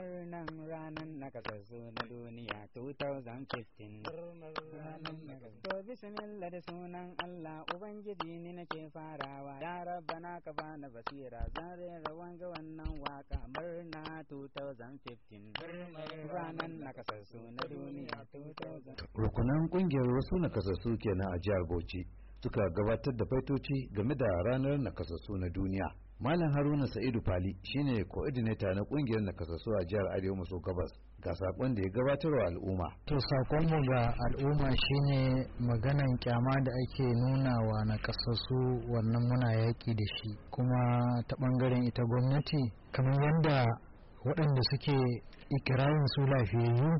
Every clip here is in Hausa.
murnan ranar nakasassu na duniya 2015 to bismillah da sunan Allah ubangiji ni nake farawa ya rabbana ka bani basira zare rawan ga wannan waka murna 2015 ranar nakasassu na duniya 2015 rukunan kungiyar wasu nakasassu kenan a jihar Bauchi suka gabatar da faitoci game da ranar nakasassu na duniya malam haruna sa'idu fali shine coordinator na kungiyar nakasassu a jihar arewa maso gabas ga sakon da ya gabatar wa al'umma to sakon mu ga al'umma shine maganan kyama da ake nuna wa nakasassu wannan muna yaki da shi kuma ta bangaren ita gwamnati kamar yadda waɗanda suke ikirarin su lafiyayyu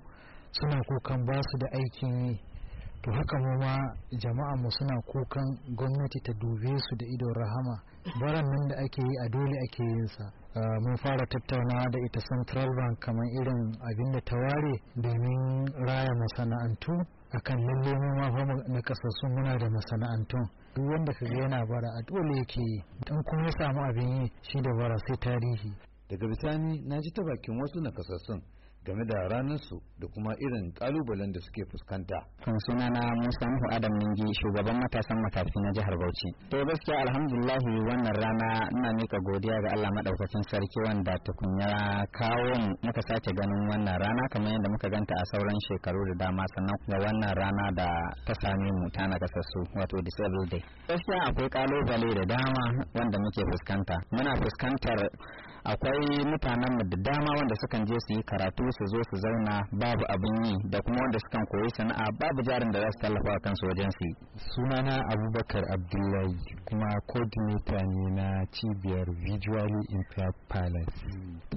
suna kukan basu da aikin yi to haka mu ma jama'a mu suna kukan gwamnati ta dube su da idon rahama baran nan da ake yi a dole ake yin sa ah, mun fara tattaunawa da ita central bank kamar irin abin da ta ware domin raya masana'antu akan lalle mu ma na kasassun muna da masana'antu. duk wanda ka ga yana bara a dole yake yi dan kuma ya samu abin yi shi da bara sai tarihi daga bisani na ji ta bakin wasu na kasassun. game da ranarsu da kuma irin kalubalen da suke fuskanta. Kan suna na Musa Nuhu Adam Ningi shugaban matasan matafi na jihar Bauchi. To gaskiya alhamdulillahi wannan rana ina mika godiya ga Allah madaukakin sarki wanda tukunya kawo mu muka sake ganin wannan rana kamar yadda muka ganta a sauran shekaru da dama sannan ga wannan rana da ta same mu ta wato disabled day. Gaskiya akwai kalubale da dama wanda muke fuskanta. Muna fuskantar akwai mutanen da dama wanda sukan je su yi karatu su zo su zauna babu abin yi da kuma wanda sukan koyi sana'a babu jarin da za su tallafa a kansu wajen su sunana abubakar abdullahi kuma coordinator ne na cibiyar visually impaired palace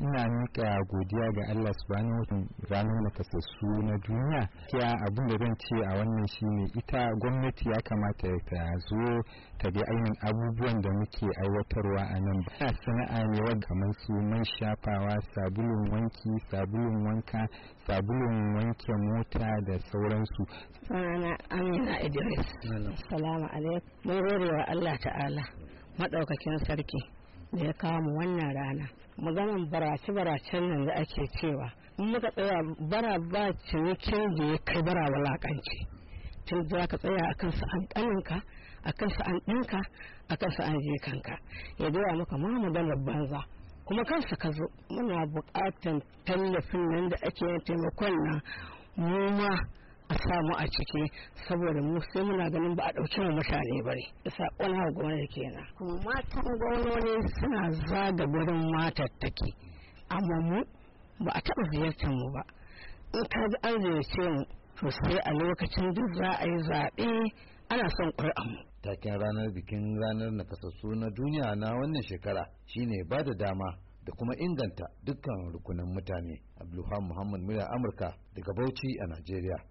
ina miƙa godiya ga allah subhanahu ranar nakasassu na duniya ya abin da zan ce a wannan shine ita gwamnati ya kamata ta zo ta ga ainihin abubuwan da muke aiwatarwa a nan sana'a ne wadda kamar su man shafawa sabulun wanki sabulun wanka sabulun wanke mota da sauransu sunana amina idris salamu alaikum mun gode wa allah ta'ala madaukakin sarki da ya kawo mu wannan rana maganan barace baracen nan da ake cewa in muka tsaya bara ba cinikin da ya kai bara wulakanci tun za ka tsaya a kansa an ɗaninka a an ɗinka a kansa an jikanka ya ya gaya maka ma maganar banza kuma kansa ka zo muna buƙatan tallafin nan da ake yin taimakon na mu ma a samu a ciki saboda mu sai muna ganin ba a ɗauki mu mutane bane da saƙon hawa gwamnati kenan kuma matan gwamnoni suna zaga gurin matattaki amma mu ba a taɓa ziyartar mu ba in ka ji an ziyarce mu to a lokacin duk za a yi zaɓe ana son ƙwar'an. taken ranar bikin ranar nakasassu na duniya na wannan shekara shine ba da dama da kuma inganta dukkan rukunin mutane Abdullahi muhammad murya amurka daga bauchi a najeriya